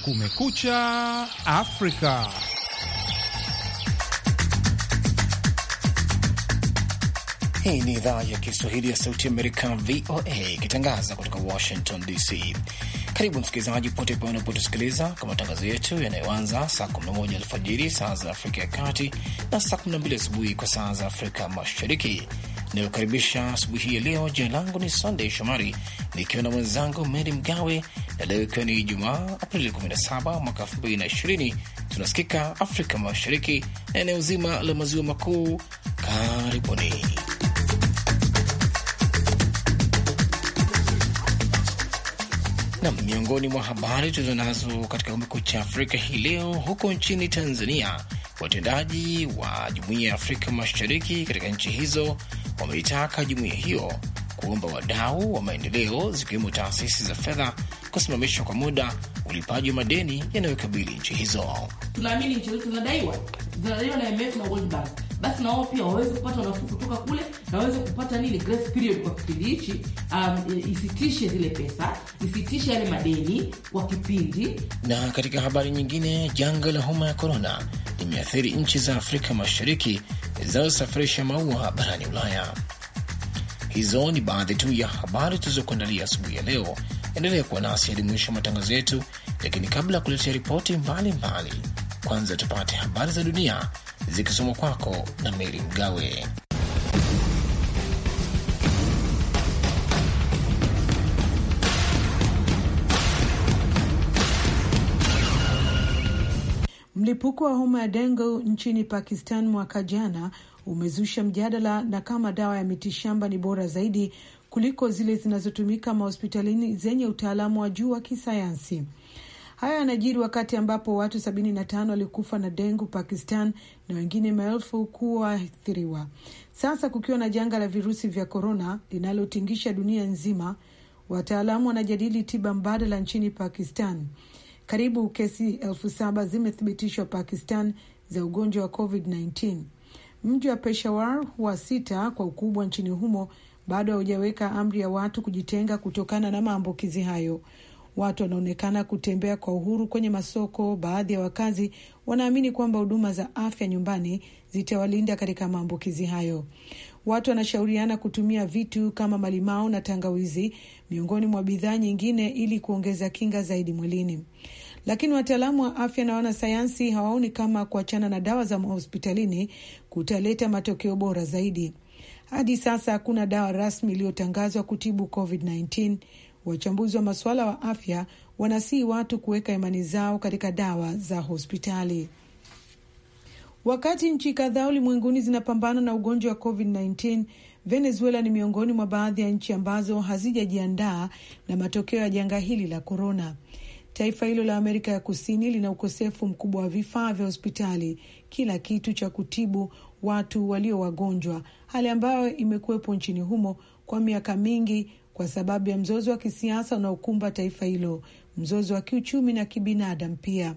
Kumekucha Afrika. Hii ni idhaa ya Kiswahili ya Sauti Amerika, VOA, ikitangaza kutoka Washington DC. Karibu msikilizaji pote pale unapotusikiliza kwa matangazo yetu yanayoanza saa 11 alfajiri saa za Afrika ya Kati na saa 12 asubuhi kwa saa za Afrika Mashariki inayokaribisha asubuhi hii ya leo. Jina langu ni Sandey Shomari nikiwa na mwenzangu Meri Mgawe, na leo ikiwa ni Ijumaa Aprili 17 mwaka 2020. Tunasikika Afrika Mashariki na eneo zima la maziwa makuu. Karibuni. Na miongoni mwa habari tulizo nazo katika Kumekucha Afrika hii leo, huko nchini Tanzania, watendaji wa Jumuiya ya Afrika Mashariki katika nchi hizo wameitaka jumuiya hiyo kuomba wadau wa maendeleo zikiwemo taasisi za fedha kusimamishwa kwa muda ulipaji wa madeni yanayokabili nchi hizo. Tunaamini nchi zinadaiwa, zinadaiwa na IMF na World Bank basi na wao pia waweze kupata nafuu kutoka kule na waweze kupata nini grace period kwa kipindi hichi, um, isitishe zile pesa, isitishe yale madeni kwa kipindi. Na katika habari nyingine, janga la homa ya korona limeathiri nchi za Afrika Mashariki zinazosafirisha maua barani Ulaya. Hizo ni baadhi tu ya habari tulizokuandalia asubuhi ya leo. Endelea kuwa nasi hadi mwisho wa matangazo yetu, lakini kabla ya kuletea ripoti mbalimbali, kwanza tupate habari za dunia zikisomwa kwako na Meri Mgawe. Mlipuko wa homa ya dengo nchini Pakistan mwaka jana umezusha mjadala na kama dawa ya mitishamba ni bora zaidi kuliko zile zinazotumika mahospitalini zenye utaalamu wa juu wa kisayansi. Haya yanajiri wakati ambapo watu 75 walikufa na dengu Pakistan na wengine maelfu kuathiriwa, sasa kukiwa na janga la virusi vya korona linalotingisha dunia nzima. Wataalamu wanajadili tiba mbadala nchini Pakistan. Karibu kesi elfu saba zimethibitishwa Pakistan za ugonjwa wa COVID-19. Mji wa Peshawar wa sita kwa ukubwa nchini humo bado haujaweka amri ya watu kujitenga kutokana na maambukizi hayo. Watu wanaonekana kutembea kwa uhuru kwenye masoko. Baadhi ya wakazi wanaamini kwamba huduma za afya nyumbani zitawalinda katika maambukizi hayo. Watu wanashauriana kutumia vitu kama malimao na tangawizi miongoni mwa bidhaa nyingine ili kuongeza kinga zaidi mwilini. Lakini wataalamu wa afya na wanasayansi hawaoni kama kuachana na dawa za mahospitalini kutaleta matokeo bora zaidi. Hadi sasa hakuna dawa rasmi iliyotangazwa kutibu COVID-19 Wachambuzi wa masuala wa afya wanasihi watu kuweka imani zao katika dawa za hospitali. Wakati nchi kadhaa ulimwenguni zinapambana na ugonjwa wa COVID-19, Venezuela ni miongoni mwa baadhi ya nchi ambazo hazijajiandaa na matokeo ya janga hili la korona. Taifa hilo la Amerika ya Kusini lina ukosefu mkubwa wa vifaa vya hospitali, kila kitu cha kutibu watu walio wagonjwa, hali ambayo imekuwepo nchini humo kwa miaka mingi kwa sababu ya mzozo wa kisiasa unaokumba taifa hilo, mzozo wa kiuchumi na kibinadamu pia.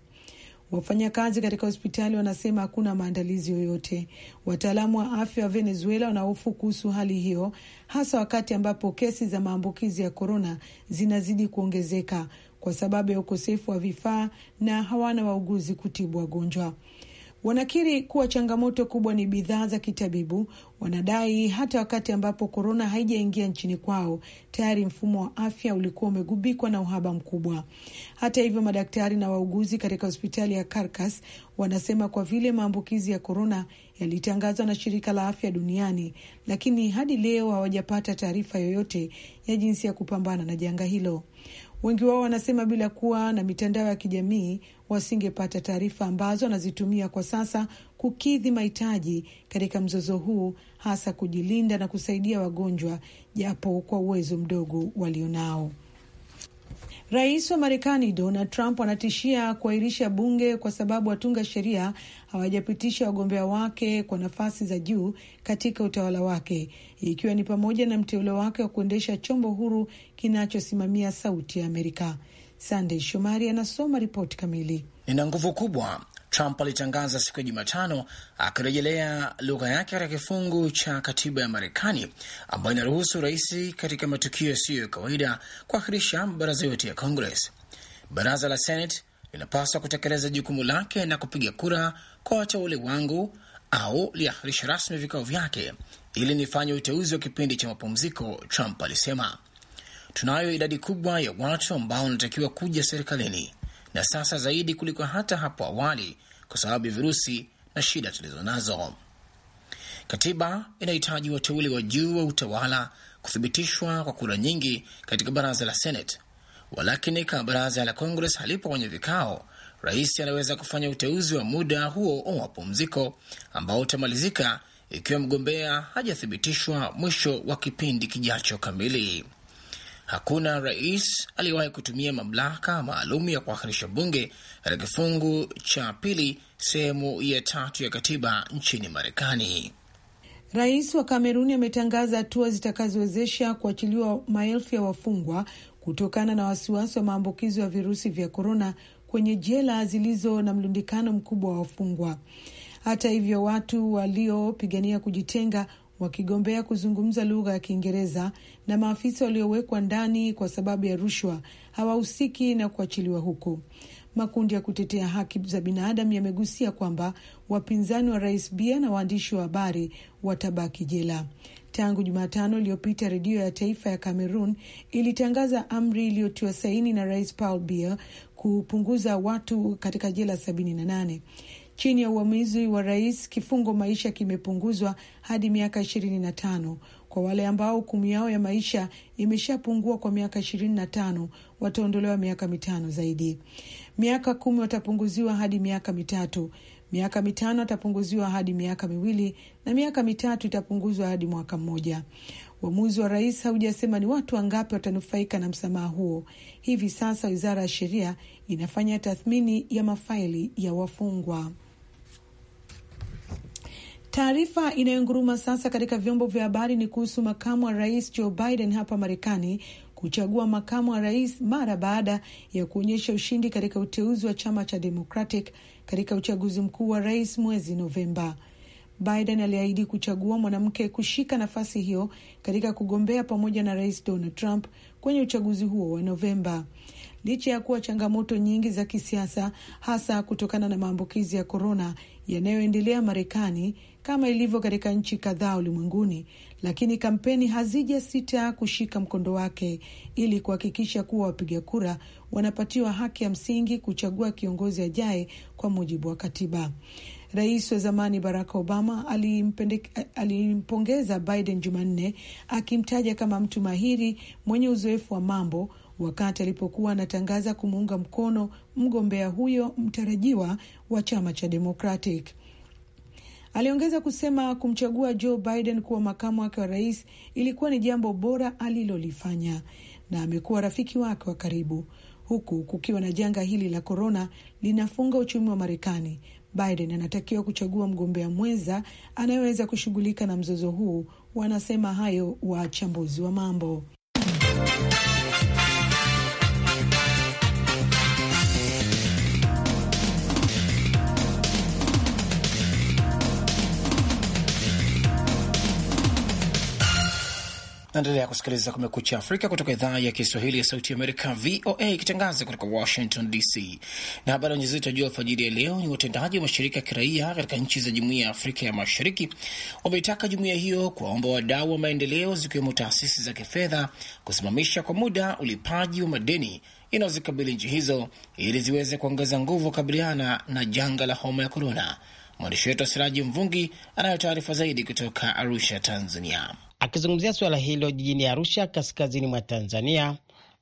Wafanyakazi katika hospitali wanasema hakuna maandalizi yoyote. Wataalamu wa afya wa Venezuela wanahofu kuhusu hali hiyo, hasa wakati ambapo kesi za maambukizi ya korona zinazidi kuongezeka kwa sababu ya ukosefu wa vifaa na hawana wauguzi kutibu wagonjwa wanakiri kuwa changamoto kubwa ni bidhaa za kitabibu. Wanadai hata wakati ambapo korona haijaingia nchini kwao, tayari mfumo wa afya ulikuwa umegubikwa na uhaba mkubwa. Hata hivyo, madaktari na wauguzi katika hospitali ya Karkas wanasema kwa vile maambukizi ya korona yalitangazwa na shirika la afya duniani, lakini hadi leo hawajapata taarifa yoyote ya jinsi ya kupambana na janga hilo. Wengi wao wanasema bila kuwa na mitandao ya kijamii wasingepata taarifa ambazo wanazitumia kwa sasa kukidhi mahitaji katika mzozo huu, hasa kujilinda na kusaidia wagonjwa, japo kwa uwezo mdogo walionao. Rais wa Marekani Donald Trump anatishia kuahirisha bunge kwa sababu watunga sheria hawajapitisha wagombea wake kwa nafasi za juu katika utawala wake, ikiwa ni pamoja na mteule wake wa kuendesha chombo huru kinachosimamia Sauti ya Amerika. Sandey Shomari anasoma ripoti kamili. Nina nguvu kubwa Trump alitangaza siku ya Jumatano akirejelea lugha yake katika kifungu cha katiba ya Marekani ambayo inaruhusu rais katika matukio yasiyo ya kawaida kuahirisha baraza yote ya Congress. Baraza la Senate linapaswa kutekeleza jukumu lake na kupiga kura kwa wateule wangu au liahirisha rasmi vikao vyake ili nifanye uteuzi wa kipindi cha mapumziko, Trump alisema. Tunayo idadi kubwa ya watu ambao wanatakiwa kuja serikalini na sasa zaidi kuliko hata hapo awali kwa sababu ya virusi na shida tulizo nazo. Katiba inahitaji wateuli wa juu wa utawala kuthibitishwa kwa kura nyingi katika baraza la Senate, walakini kama baraza la Congress halipo kwenye vikao, rais anaweza kufanya uteuzi wa muda huo wa mapumziko ambao utamalizika ikiwa mgombea hajathibitishwa mwisho wa kipindi kijacho kamili. Hakuna rais aliyewahi kutumia mamlaka maalum ya kuahirisha bunge katika kifungu cha pili sehemu ya tatu ya katiba nchini Marekani. Rais wa Kameruni ametangaza hatua zitakazowezesha kuachiliwa maelfu ya wafungwa kutokana na wasiwasi wa maambukizo ya virusi vya korona kwenye jela zilizo na mlundikano mkubwa wa wafungwa. Hata hivyo, watu waliopigania kujitenga wakigombea kuzungumza lugha ya Kiingereza na maafisa waliowekwa ndani kwa sababu ya rushwa hawahusiki na kuachiliwa huko. Makundi ya kutetea haki za binadamu yamegusia kwamba wapinzani wa rais Bia na waandishi wa habari watabaki jela. Tangu Jumatano iliyopita, redio ya taifa ya Cameroon ilitangaza amri iliyotiwa saini na rais Paul Bia kupunguza watu katika jela nane Chini ya uamuzi wa rais, kifungo maisha kimepunguzwa hadi miaka ishirini na tano kwa wale ambao hukumu yao ya maisha imeshapungua kwa miaka ishirini na tano wataondolewa miaka mitano zaidi. Miaka kumi watapunguziwa hadi miaka mitatu, miaka mitano atapunguziwa hadi miaka miwili na miaka mitatu itapunguzwa hadi mwaka mmoja. Uamuzi wa rais haujasema ni watu wangapi watanufaika na msamaha huo. Hivi sasa wizara ya sheria inafanya tathmini ya mafaili ya wafungwa. Taarifa inayonguruma sasa katika vyombo vya habari ni kuhusu makamu wa rais Joe Biden hapa Marekani kuchagua makamu wa rais mara baada ya kuonyesha ushindi katika uteuzi wa chama cha Democratic katika uchaguzi mkuu wa rais mwezi Novemba. Biden aliahidi kuchagua mwanamke kushika nafasi hiyo katika kugombea pamoja na rais Donald Trump kwenye uchaguzi huo wa Novemba. Licha ya kuwa changamoto nyingi za kisiasa, hasa kutokana na maambukizi ya korona, yanayoendelea Marekani kama ilivyo katika nchi kadhaa ulimwenguni, lakini kampeni hazija sita kushika mkondo wake ili kuhakikisha kuwa wapiga kura wanapatiwa haki ya msingi kuchagua kiongozi ajaye kwa mujibu wa katiba. Rais wa zamani Barack Obama alimpongeza Biden Jumanne akimtaja kama mtu mahiri mwenye uzoefu wa mambo wakati alipokuwa anatangaza kumuunga mkono mgombea huyo mtarajiwa wa chama cha Democratic. Aliongeza kusema kumchagua Joe Biden kuwa makamu wake wa rais ilikuwa ni jambo bora alilolifanya, na amekuwa rafiki wake wa karibu. Huku kukiwa na janga hili la korona linafunga uchumi wa Marekani, Biden anatakiwa kuchagua mgombea mwenza anayeweza kushughulika na mzozo huu. Wanasema hayo wachambuzi wa mambo. Naendelea kusikiliza Kumekucha Afrika kutoka idhaa ya Kiswahili ya Sauti Amerika, VOA, ikitangaza kutoka Washington DC. Na habari wenye zito juu alfajiri ya leo ni watendaji wa mashirika ya kiraia katika nchi za Jumuia ya Afrika ya Mashariki wameitaka jumuiya hiyo kuwaomba wadau wa maendeleo, zikiwemo taasisi za kifedha, kusimamisha kwa muda ulipaji wa madeni inayozikabili nchi hizo ili ziweze kuongeza nguvu kukabiliana na janga la homa ya korona. Mwandishi wetu wa siraji Mvungi anayo taarifa zaidi kutoka Arusha, Tanzania. Akizungumzia suala hilo jijini Arusha, kaskazini mwa Tanzania,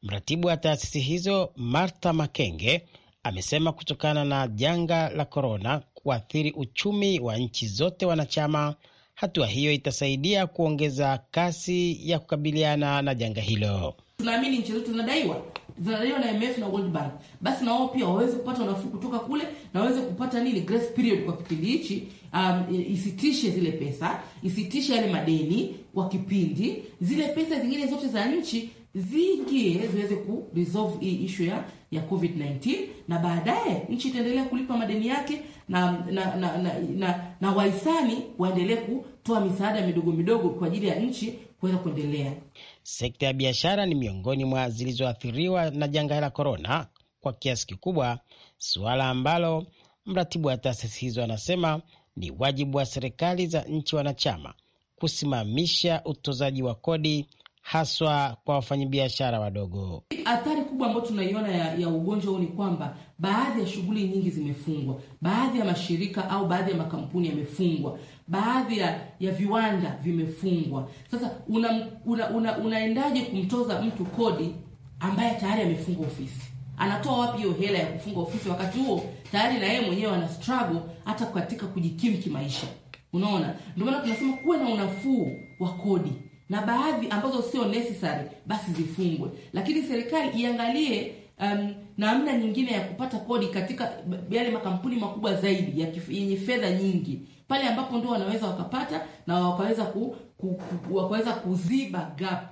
mratibu wa taasisi hizo Martha Makenge amesema kutokana na janga la korona kuathiri uchumi wa nchi zote wanachama, hatua hiyo itasaidia kuongeza kasi ya kukabiliana na janga hilo. Tunaamini nchi zetu zinadaiwa zinadaiwa na IMF na World Bank, basi na wao pia waweze kupata unafuu kutoka kule na waweze kupata nini, grace period kwa kipindi hichi. Um, isitishe zile pesa, isitishe yale madeni kwa kipindi, zile pesa zingine zote za nchi ziingie ziweze ku resolve hii issue ya ya COVID-19 na baadaye nchi itaendelea kulipa madeni yake na na na, na, na, na wahisani waendelee kutoa misaada midogo midogo kwa ajili ya nchi kuweza kuendelea. Sekta ya biashara ni miongoni mwa zilizoathiriwa na janga la korona kwa kiasi kikubwa, suala ambalo mratibu wa taasisi hizo anasema ni wajibu wa serikali za nchi wanachama kusimamisha utozaji wa kodi haswa kwa wafanyabiashara wadogo. Athari kubwa ambayo tunaiona ya, ya ugonjwa huu ni kwamba baadhi ya shughuli nyingi zimefungwa, baadhi ya mashirika au baadhi ya makampuni yamefungwa, baadhi ya, ya viwanda vimefungwa. Sasa una, una, una, unaendaje kumtoza mtu kodi ambaye tayari amefungwa ofisi? Anatoa wapi hiyo hela ya kufunga ofisi, wakati huo tayari na yeye mwenyewe ana struggle hata katika kujikimu kimaisha? Unaona, ndio maana tunasema kuwe na unafuu wa kodi na baadhi ambazo sio necessary basi zifungwe, lakini serikali iangalie um, namna nyingine ya kupata kodi katika yale makampuni makubwa zaidi yenye fedha nyingi, pale ambapo ndio wanaweza wakapata na wakaweza ku, ku, ku, wakaweza kuziba gap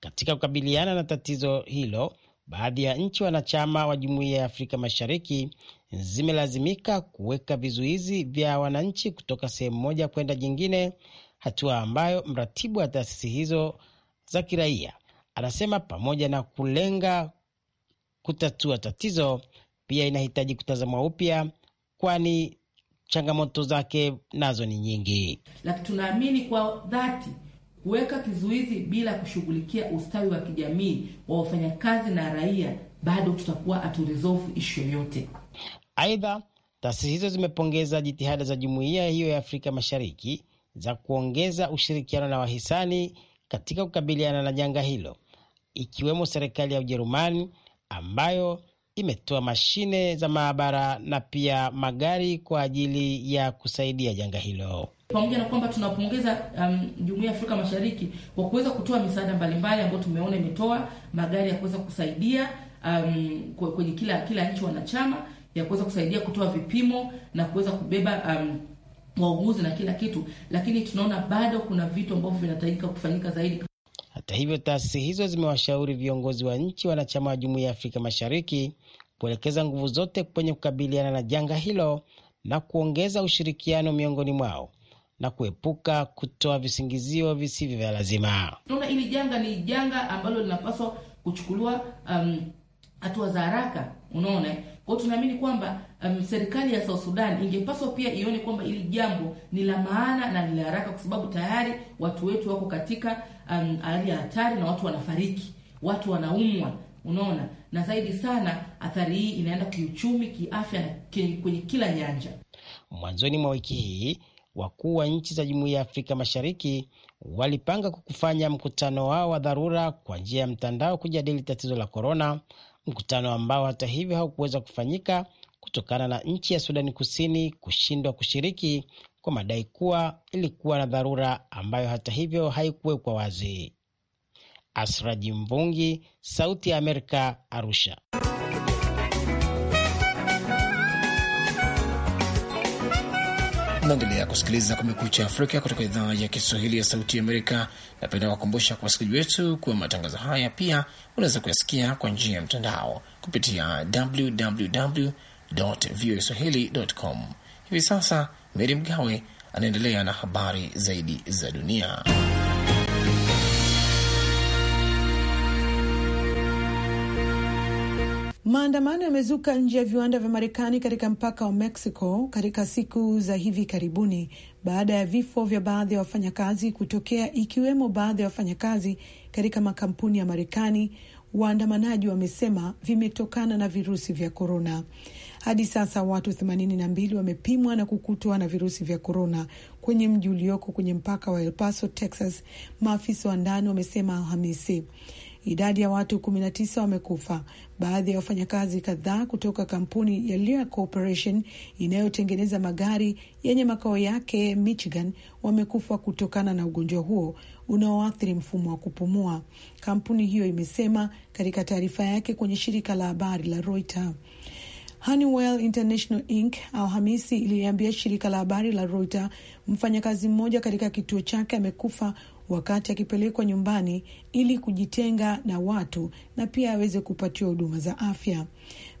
katika kukabiliana na tatizo hilo. Baadhi ya nchi wanachama wa Jumuiya ya Afrika Mashariki zimelazimika kuweka vizuizi vya wananchi kutoka sehemu moja kwenda jingine hatua ambayo mratibu wa taasisi hizo za kiraia anasema pamoja na kulenga kutatua tatizo, pia inahitaji kutazamwa upya, kwani changamoto zake nazo ni nyingi. Lakini tunaamini kwa dhati kuweka kizuizi bila kushughulikia ustawi wa kijamii wa wafanyakazi na raia, bado tutakuwa aturizofu ishu yoyote. Aidha, taasisi hizo zimepongeza jitihada za jumuiya hiyo ya Afrika Mashariki za kuongeza ushirikiano na wahisani katika kukabiliana na janga hilo, ikiwemo serikali ya Ujerumani ambayo imetoa mashine za maabara na pia magari kwa ajili ya kusaidia janga hilo. Pamoja na kwamba tunapongeza um, Jumuiya ya Afrika Mashariki kwa kuweza kutoa misaada mbalimbali ambayo tumeona imetoa magari ya kuweza kusaidia um, kwenye kila kila nchi wanachama ya kuweza kusaidia kutoa vipimo na kuweza kubeba um, wauguzi na kila kitu, lakini tunaona bado kuna vitu ambavyo vinahitajika kufanyika zaidi. Hata hivyo, taasisi hizo zimewashauri viongozi wa nchi wanachama wa Jumuiya ya Afrika Mashariki kuelekeza nguvu zote kwenye kukabiliana na janga hilo na kuongeza ushirikiano miongoni mwao na kuepuka kutoa visingizio visivyo vya lazima. Tunaona hili janga ni janga ambalo linapaswa kuchukuliwa um, hatua za haraka Unaona, kwa hiyo tunaamini kwamba um, serikali ya South Sudan ingepaswa pia ione kwamba hili jambo ni la maana na ni la haraka, kwa sababu tayari watu wetu wako katika um, hali ya hatari na watu wanafariki, watu wanaumwa, unaona, na zaidi sana athari hii inaenda kiuchumi, kiafya na kwenye kila nyanja. Mwanzoni mwa wiki hii wakuu wa nchi za Jumuiya ya Afrika Mashariki walipanga kufanya mkutano wao wa dharura kwa njia ya mtandao kujadili tatizo la korona mkutano ambao hata hivyo haukuweza kufanyika kutokana na nchi ya Sudani Kusini kushindwa kushiriki kwa madai kuwa ilikuwa na dharura ambayo hata hivyo haikuwekwa wazi. Asraji Mvungi, Sauti ya Amerika, Arusha. Unaendelea kusikiliza Kumekucha Afrika kutoka idhaa ya Kiswahili ya Sauti ya Amerika. Napenda kuwakumbusha kwa wasikilizaji wetu kuwa matangazo haya pia unaweza kuyasikia kwa njia ya mtandao kupitia www voa swahili com. Hivi sasa Meri Mgawe anaendelea na habari zaidi za dunia. Maandamano yamezuka nje ya viwanda vya Marekani katika mpaka wa Mexico katika siku za hivi karibuni baada ya vifo vya baadhi ya wafanyakazi kutokea, ikiwemo baadhi ya wafanyakazi katika makampuni ya Marekani, waandamanaji wamesema vimetokana na virusi vya korona. Hadi sasa watu 82 wamepimwa na kukutwa na virusi vya korona kwenye mji ulioko kwenye mpaka wa El Paso, Texas, maafisa wa ndani wamesema Alhamisi. Idadi ya watu 19 wamekufa. Baadhi ya wafanyakazi kadhaa kutoka kampuni ya Lear Corporation inayotengeneza magari yenye makao yake Michigan wamekufa kutokana na ugonjwa huo unaoathiri mfumo wa kupumua, kampuni hiyo imesema katika taarifa yake kwenye shirika la habari la Reuters. Honeywell International Inc Alhamisi iliambia shirika la habari la Reuters mfanyakazi mmoja katika kituo chake amekufa wakati akipelekwa nyumbani ili kujitenga na watu na pia aweze kupatiwa huduma za afya.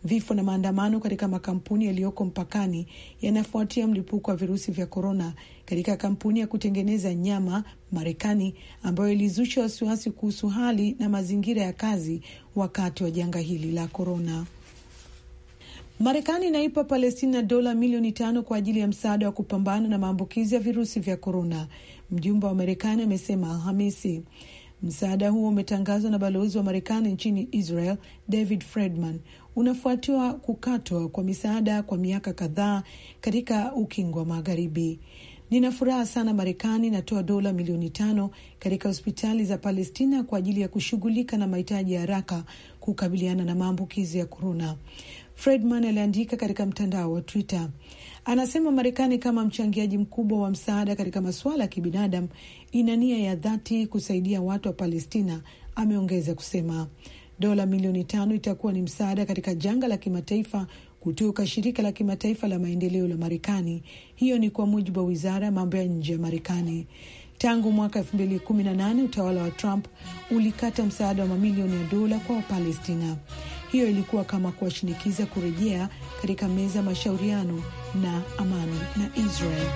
Vifo na maandamano katika makampuni yaliyoko mpakani yanafuatia mlipuko wa virusi vya korona katika kampuni ya kutengeneza nyama Marekani, ambayo ilizusha wasiwasi kuhusu hali na mazingira ya kazi wakati wa janga hili la korona. Marekani inaipa Palestina dola milioni tano kwa ajili ya msaada wa kupambana na maambukizi ya virusi vya korona, mjumbe wa Marekani amesema Alhamisi. Msaada huo umetangazwa na balozi wa Marekani nchini Israel David fredman unafuatiwa kukatwa kwa misaada kwa miaka kadhaa katika ukingo wa Magharibi. Nina furaha sana, Marekani inatoa dola milioni tano katika hospitali za Palestina kwa ajili ya kushughulika na mahitaji ya haraka kukabiliana na maambukizi ya korona. Fredman aliandika katika mtandao wa Twitter. Anasema Marekani kama mchangiaji mkubwa wa msaada katika masuala ya kibinadamu ina nia ya dhati kusaidia watu wa Palestina. Ameongeza kusema dola milioni tano itakuwa ni msaada katika janga la kimataifa kutoka shirika la kimataifa la maendeleo la Marekani. Hiyo ni kwa mujibu wa wizara ya mambo ya nje ya Marekani. Tangu mwaka 2018 utawala wa Trump ulikata msaada wa mamilioni ya dola kwa Wapalestina hiyo ilikuwa kama kuwashinikiza kurejea katika meza mashauriano na amani na Israel.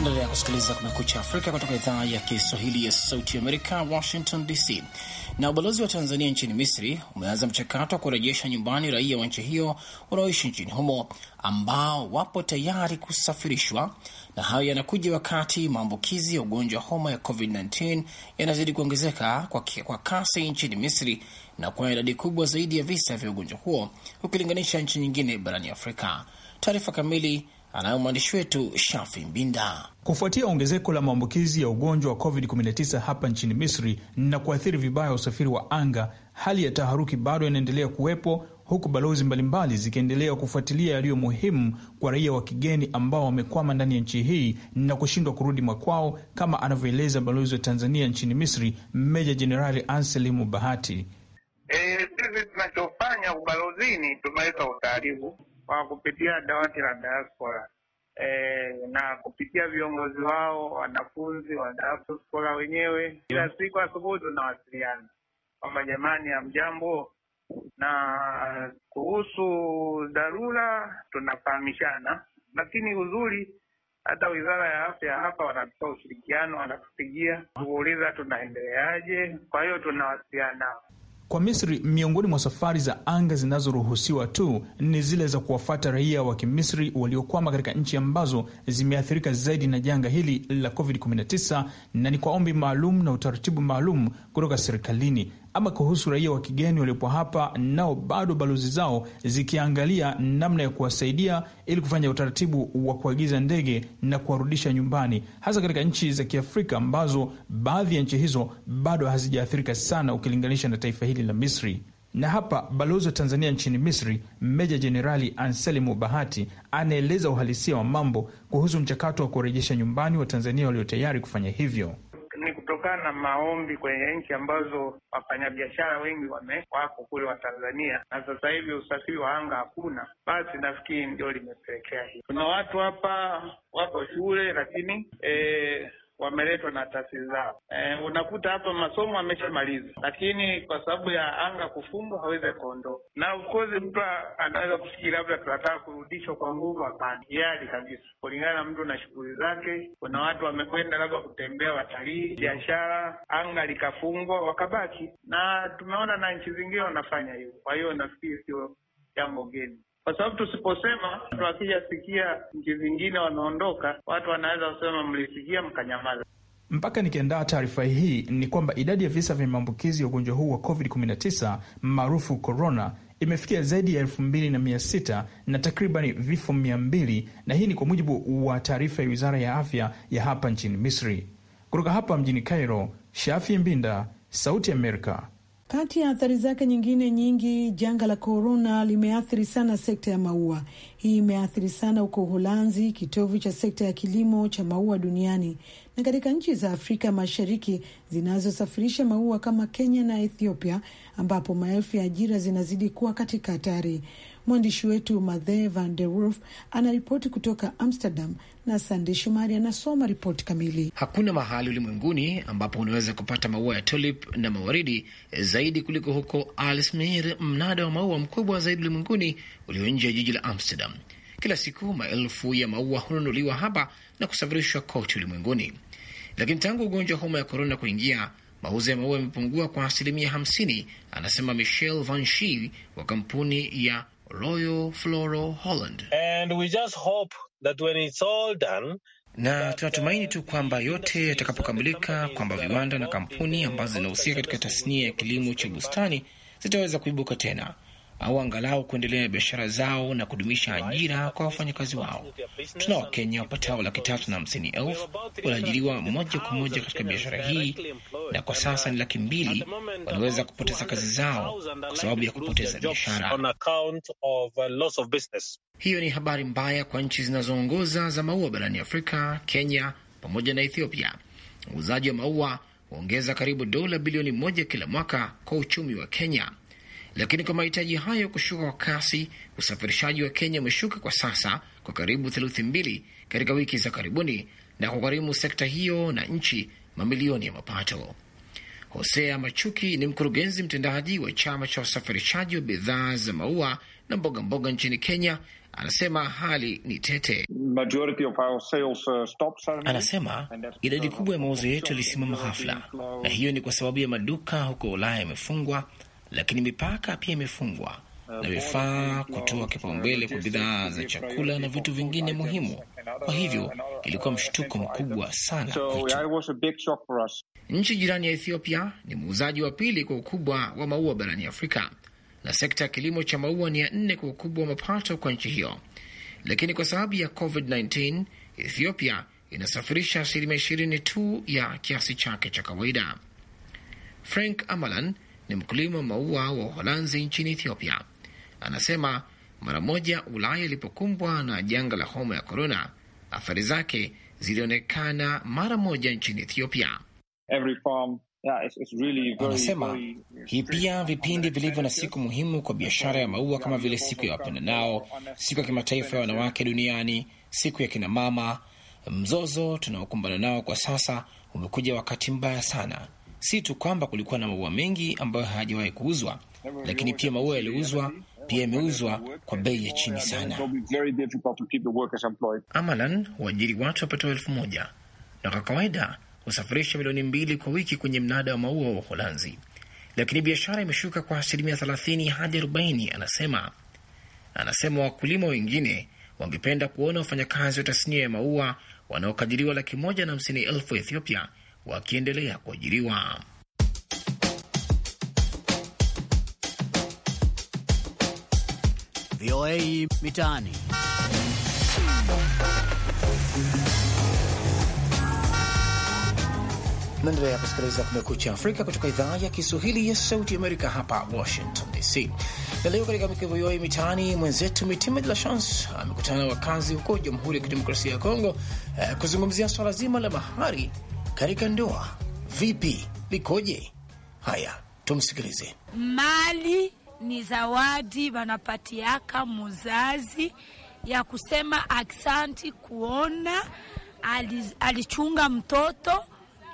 Unaendelea kusikiliza Kumekucha Afrika kutoka idhaa ya Kiswahili ya Sauti Amerika, Washington DC. Na ubalozi wa Tanzania nchini Misri umeanza mchakato wa kurejesha nyumbani raia wa nchi hiyo wanaoishi nchini humo ambao wapo tayari kusafirishwa, na hayo yanakuja wakati maambukizi ya ugonjwa wa homa ya COVID-19 yanazidi kuongezeka kwa, kwa kasi nchini Misri na kuna idadi kubwa zaidi ya visa vya ugonjwa huo ukilinganisha nchi nyingine barani Afrika. Taarifa kamili anayo mwandishi wetu Shafi Mbinda. Kufuatia ongezeko la maambukizi ya ugonjwa wa COVID-19 hapa nchini Misri na kuathiri vibaya usafiri wa anga, hali ya taharuki bado inaendelea kuwepo huku balozi mbalimbali zikiendelea kufuatilia yaliyo muhimu kwa raia wa kigeni ambao wamekwama ndani ya nchi hii na kushindwa kurudi makwao, kama anavyoeleza balozi wa Tanzania nchini Misri, Meja Jenerali anselimu Bahati. Eh, sisi e, tunachofanya ubalozini, tumeweka utaratibu kwa kupitia dawati la diaspora e, na kupitia viongozi wao, wanafunzi wa diaspora wenyewe, kila siku asubuhi tunawasiliana kwamba jamani, hamjambo, na kuhusu dharura tunafahamishana. Lakini uzuri hata wizara ya afya hapa wanatoa ushirikiano, wanatupigia kuuliza tunaendeleaje. Kwa hiyo tunawasiliana kwa Misri, miongoni mwa safari za anga zinazoruhusiwa tu ni zile za kuwafata raia wa Kimisri waliokwama katika nchi ambazo zimeathirika zaidi na janga hili la COVID-19, na ni kwa ombi maalum na utaratibu maalum kutoka serikalini ama kuhusu raia wa kigeni waliopo hapa, nao bado balozi zao zikiangalia namna ya kuwasaidia ili kufanya utaratibu wa kuagiza ndege na kuwarudisha nyumbani, hasa katika nchi za Kiafrika ambazo baadhi ya nchi hizo bado hazijaathirika sana ukilinganisha na taifa hili la Misri na hapa balozi wa Tanzania nchini Misri, meja jenerali Anselimu Bahati, anaeleza uhalisia wa mambo kuhusu mchakato wa kuwarejesha nyumbani Tanzania walio tayari kufanya hivyo kutokana na maombi kwenye nchi ambazo wafanyabiashara wengi wame wako kule wa Tanzania, na sasa hivi usafiri wa anga hakuna, basi nafikiri ndio limepelekea hii. Kuna watu hapa wako shule lakini e, wameletwa na taasisi zao. E, unakuta hapa masomo ameshamaliza, lakini kwa sababu ya anga kufungwa hawezi kuondoka na of course mtu anaweza kufikiri labda tunataka kurudishwa kwa nguvu. Hapana, hiari kabisa, kulingana na mtu na shughuli zake. Kuna watu wamekwenda labda kutembea, watalii, biashara, anga likafungwa wakabaki, na tumeona na nchi zingine wanafanya hivyo. Kwa hiyo nafikiri sio jambo geni kwa sababu tusiposema, watu wakijasikia nchi zingine wanaondoka, watu wanaweza kusema mlisikia mkanyamaza. Mpaka nikiandaa taarifa hii ni kwamba idadi ya visa vya maambukizi ya ugonjwa huu wa COVID-19 maarufu corona imefikia zaidi ya elfu mbili na mia sita na takribani vifo mia mbili na hii ni kwa mujibu wa taarifa ya wizara ya afya ya hapa nchini Misri. Kutoka hapa mjini Cairo, Shafi Mbinda, Sauti Amerika. Kati ya athari zake nyingine nyingi, janga la korona limeathiri sana sekta ya maua. Hii imeathiri sana huko Uholanzi, kitovu cha sekta ya kilimo cha maua duniani, na katika nchi za Afrika Mashariki zinazosafirisha maua kama Kenya na Ethiopia, ambapo maelfu ya ajira zinazidi kuwa katika hatari. Mwandishi wetu madhe Van Der Wolf anaripoti kutoka Amsterdam na Sande Shomari anasoma ripoti kamili. Hakuna mahali ulimwenguni ambapo unaweza kupata maua ya tulip na mawaridi zaidi kuliko huko Aalsmeer, mnada wa maua mkubwa zaidi ulimwenguni ulio nje ya jiji la Amsterdam. Kila siku maelfu ya maua hununuliwa hapa na kusafirishwa kote ulimwenguni, lakini tangu ugonjwa homa ya korona kuingia mauzo ya maua yamepungua kwa asilimia 50, anasema Michel vanshi wa kampuni ya Royal Floral Holland. And we just hope that when it's all done, na tunatumaini tu uh, kwamba yote yatakapokamilika, kwamba viwanda na kampuni ambazo zinahusika katika tasnia ya kilimo cha bustani zitaweza kuibuka tena au angalau kuendelea na biashara zao na kudumisha ajira kwa wafanyakazi wao. Tuna Wakenya wapatao laki tatu na hamsini elfu waliajiriwa moja kwa moja katika biashara hii, na kwa sasa ni laki mbili waliweza kupoteza kazi zao kwa sababu ya kupoteza biashara. Uh, Hiyo ni habari mbaya kwa nchi zinazoongoza za maua barani Afrika, Kenya pamoja na Ethiopia. Uuzaji wa maua huongeza karibu dola bilioni moja kila mwaka kwa uchumi wa Kenya lakini kwa mahitaji hayo kushuka kwa kasi, usafirishaji wa Kenya umeshuka kwa sasa kwa karibu theluthi mbili katika wiki za karibuni na kugharimu sekta hiyo na nchi mamilioni ya mapato. Hosea Machuki ni mkurugenzi mtendaji wa chama cha usafirishaji wa bidhaa za maua na mboga mboga nchini Kenya. Anasema hali ni tete. Uh, Anasema idadi kubwa ya mauzo yetu yalisimama ghafla, na hiyo ni kwa sababu ya maduka huko Ulaya yamefungwa lakini mipaka pia imefungwa uh, na vifaa kutoa kipaumbele kwa bidhaa za chakula na vitu vingine muhimu. Kwa hivyo ilikuwa mshtuko mkubwa sana kwetu. Nchi jirani ya Ethiopia ni muuzaji wa pili kwa ukubwa wa maua barani Afrika, na sekta ya kilimo cha maua ni ya nne kwa ukubwa wa mapato kwa nchi hiyo, lakini kwa sababu ya COVID-19 Ethiopia inasafirisha asilimia ishirini tu ya kiasi chake cha kawaida. Frank Amalan ni mkulima wa maua wa Uholanzi nchini Ethiopia. Anasema mara moja Ulaya ilipokumbwa na janga la homa ya korona, athari zake zilionekana mara moja nchini Ethiopia. Every farm, yeah, it's, it's really very, anasema hii pia vipindi vilivyo na siku muhimu kwa biashara ya maua kama vile siku ya wapendanao, siku ya kimataifa ya wanawake duniani, siku ya kinamama. Mzozo tunaokumbana nao kwa sasa umekuja wakati mbaya sana si tu kwamba kulikuwa na maua mengi ambayo hayajawahi kuuzwa, lakini pia maua yaliuzwa pia yameuzwa kwa bei ya chini sana. Amalan huajiri watu wapatao elfu moja na kwa kawaida husafirisha milioni mbili kwa wiki kwenye mnada wa maua wa Uholanzi, lakini biashara imeshuka kwa asilimia thelathini hadi 40. Anasema anasema wakulima wengine wangependa kuona wafanyakazi wa tasnia ya maua wanaokadiriwa laki moja na hamsini elfu Ethiopia wakiendelea kuajiriwa. VOA Mitaani. Naendelea kusikiliza Kumekucha Afrika kutoka idhaa ya Kiswahili ya Sauti Amerika, hapa Washington DC. Na leo katika VOA Mitaani, mwenzetu Mitima De La Chance amekutana na wakazi huko Jamhuri ya Kidemokrasia ya Kongo eh, kuzungumzia swala zima la mahari katika ndoa vipi, likoje? Haya, tumsikilize. Mali ni zawadi wanapatiaka muzazi ya kusema aksanti, kuona alichunga mtoto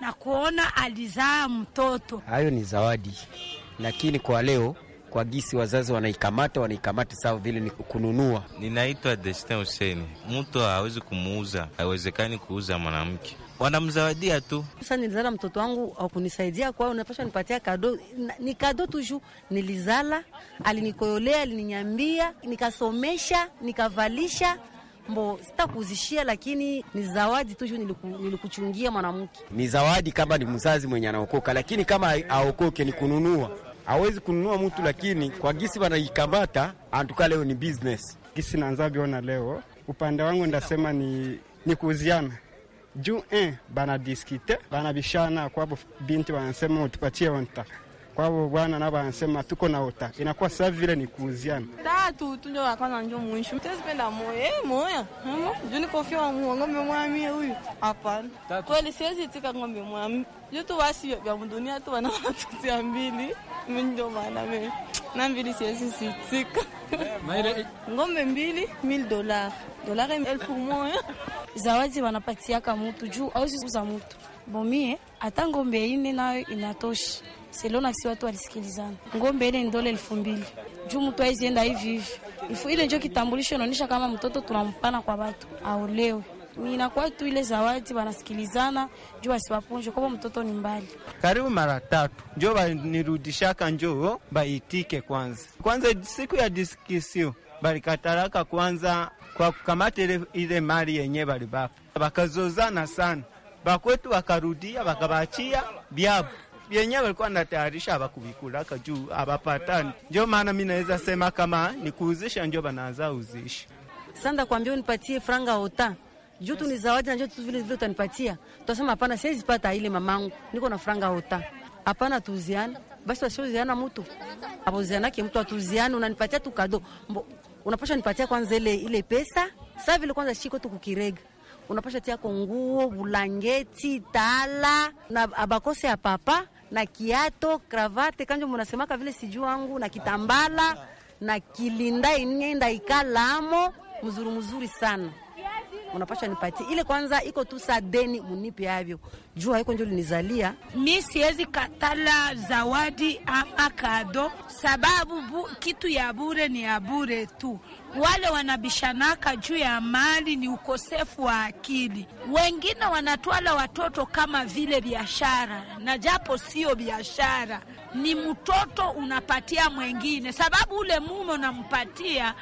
na kuona alizaa mtoto. Hayo ni zawadi, lakini kwa leo kwa gisi wazazi wanaikamata wanaikamata sawa vile ni kununua. Ninaitwa Destin Huseni. Mtu hawezi kumuuza, haiwezekani kuuza mwanamke wanamzawadia tu. Sasa nilizala mtoto wangu akunisaidia kwao, unapasha nipatia kado, ni kado tuju. Nilizala, alinikoyolea, alininyambia, nikasomesha, nikavalisha mbo sitakuzishia, lakini ni zawadi tu niliku, nilikuchungia mwanamke. Ni zawadi kama ni mzazi mwenye anaokoka, lakini kama aokoke ni kununua, awezi kununua mtu, lakini kwa gisi wanaikamata antuka. Leo ni business gisi nanzavyona leo, upande wangu ndasema ni, ni kuuziana juu eh, banadiskite banabishana kwavo, binti wanasema utupatie ontaka kwavo, bwana na wanasema tuko na otaka, inakuwa saa vile ni kuuziana. Tatu tu akana njo mwisho tezipenda moyo eh, moya hmm? juu nikofia wa ng'ombe mwamie huyu hapana, kweli siwezi itika ng'ombe mwamie juu tu basi vya mdunia tu wana watutia mbili mi maana mi na mbili siwezi sitika ng'ombe mbili mil dolari dolari elfu moya zawadi wanapatiaka mutu juu auzi kuza mutu bomie, hata ngombe ine nayo inatoshi selona si watu walisikilizana, ngombe ile ndole elfu mbili juu mtu hawezi enda hivi hivi. Ifu ile ndio kitambulisho inaonyesha kama mtoto tunampana kwa watu aolewe. Ninakuwa tu ile zawadi wanasikilizana juu wasiwapunje kwa mtoto ni mbali. Karibu mara tatu njo banirudishaka njoo baitike kwanza. Kwanza siku ya diskisio barikataraka kwanza kwa kukamata ile, ile mali yenye walibapa, bakazozana sana, bakwetu wakarudia bakabachia byabo vyenye walikuwa natayarisha abakubikula kaju abapatani. njo maana mi naweza sema kama ni kuuzisha, njo banaanza uzisha. sanda kwambia unipatie franga ota juu tu ni zawadi, na tu vile vile utanipatia. Tutasema hapana, siwezi pata ile mamangu, niko na franga ota. Hapana, tuuziane basi, wasiuziana mtu apozianake mtu atuziane, unanipatia tu kado unapasha nipatia kwanza ile ile pesa sasa, vile kwanza shiko tu kukirega unapasha tiako nguo, bulangeti, tala na abakose ya papa na kiato, kravate kanjo munasemaka vile siju wangu na kitambala na kilinda inenda ikalamo mzuri mzuri sana, unapasha nipatie ile kwanza, iko tu sadeni munipe avyo jua iko ndio linizalia mi. Siwezi katala zawadi ama kado, sababu bu, kitu ya bure ni ya bure tu. Wale wanabishanaka juu ya mali ni ukosefu wa akili. Wengine wanatwala watoto kama vile biashara, na japo sio biashara ni mtoto unapatia mwengine, sababu ule mume unampatia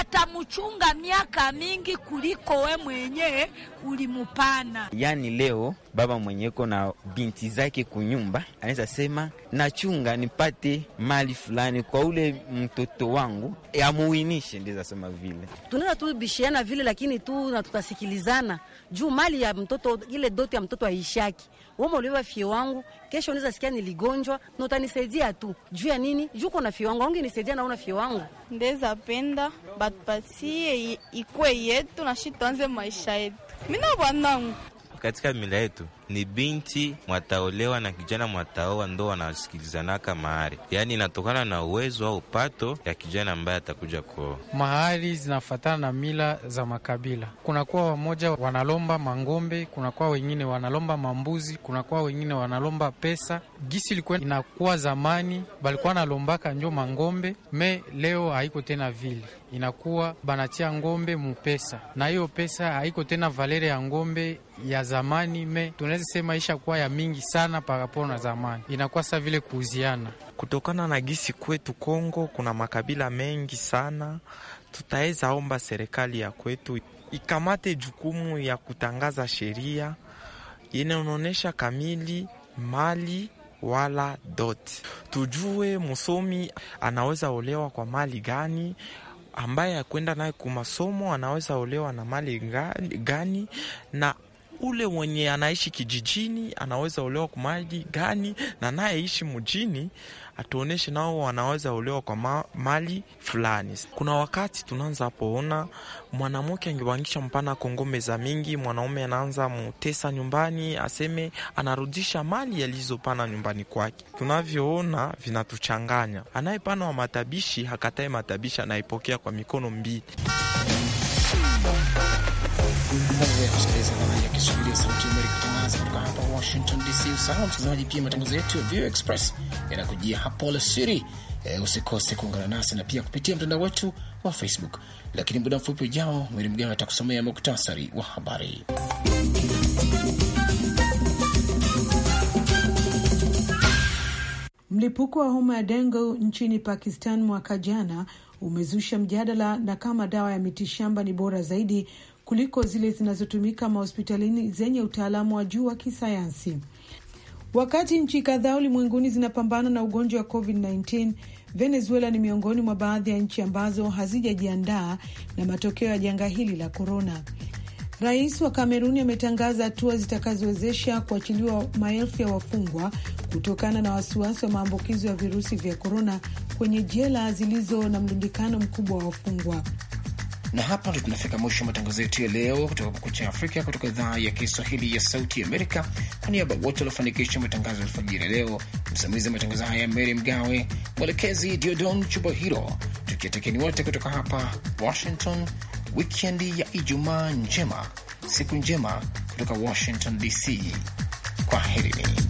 atamchunga miaka mingi kuliko we mwenyewe ulimupana. Yani leo baba mwenye mwenyeko na binti zake kunyumba, anaweza sema nachunga nipate mali fulani kwa ule mtoto wangu e, Ndiza sema vile tunaweza tu bishiana vile, lakini tu na tutasikilizana juu mali ya mtoto ile doti ya mtoto aishaki wama uliwa fie wangu, kesho unaweza sikia niligonjwa na utanisaidia tu juu ya nini? Juu na fie wangu angi nisaidia naona fie wangu ndeza penda batupatie ikwe yetu na shi tuanze maisha yetu. mina wannan katika mila yetu ni binti mwataolewa na kijana mwataoa, ndo wanasikilizanaka mahari. Yaani inatokana na uwezo au pato ya kijana ambaye atakuja kuoa. Mahari zinafatana na mila za makabila. Kunakuwa wamoja wanalomba mangombe, kunakuwa wengine wanalomba mambuzi, kunakuwa wengine wanalomba pesa. Gisi ilikuwa inakuwa zamani balikuwa nalombaka njo mangombe me, leo haiko tena vile, inakuwa banatia ngombe mupesa, na hiyo pesa haiko tena valere ya ngombe ya zamani me tunaweza sema isha kuwa ya mingi sana parapo na zamani, inakuwa sa vile kuuziana kutokana na gisi kwetu Kongo kuna makabila mengi sana. Tutaweza omba serikali ya kwetu ikamate jukumu ya kutangaza sheria unaonyesha kamili mali wala dot, tujue musomi anaweza olewa kwa mali gani ambaye akwenda naye kumasomo anaweza olewa na mali gani, na ule mwenye anaishi kijijini anaweza olewa kwa maji gani, na anayeishi mjini atuoneshe nao wanaweza olewa kwa ma, mali fulani. Kuna wakati tunaanza poona mwanamke angewangisha mpana kongome za mingi, mwanaume anaanza mutesa nyumbani, aseme anarudisha mali yalizopana nyumbani kwake. Tunavyoona vinatuchanganya, anayepana wa matabishi hakatae matabishi, anaipokea kwa mikono mbili. Mtangazaji kusikiliza idhaa ya Kiswahili ya Sauti Amerika tangaza kutoka hapa Washington DC. Usahau msikilizaji, pia matangazo yetu ya VOA Express yanakujia hapo alasiri. E, usikose kuungana nasi na pia kupitia mtandao wetu wa Facebook. Lakini muda mfupi ujao, Mweri Mgawe atakusomea muktasari wa habari. Mlipuko wa homa ya dengo nchini Pakistan mwaka jana umezusha mjadala na kama dawa ya mitishamba ni bora zaidi kuliko zile zinazotumika mahospitalini zenye utaalamu wa juu wa kisayansi. Wakati nchi kadhaa ulimwenguni zinapambana na ugonjwa wa COVID-19, Venezuela ni miongoni mwa baadhi ya nchi ambazo hazijajiandaa na matokeo ya janga hili la korona. Rais wa Kameruni ametangaza hatua zitakazowezesha kuachiliwa maelfu ya wafungwa kutokana na wasiwasi wa maambukizo ya virusi vya korona kwenye jela zilizo na mrundikano mkubwa wa wafungwa. Na hapa ndo tunafika mwisho matangazo yetu ya leo kutoka Kukucha Afrika kutoka idhaa ya Kiswahili ya Sauti Amerika. Kwa niaba wote waliofanikisha matangazo ya alfajiri leo, msimamizi wa matangazo haya Mary Mgawe, mwelekezi Diodon hiro tukiatekeni wote kutoka hapa Washington, wikendi ya Ijumaa njema, siku njema kutoka Washington DC. Kwaherini.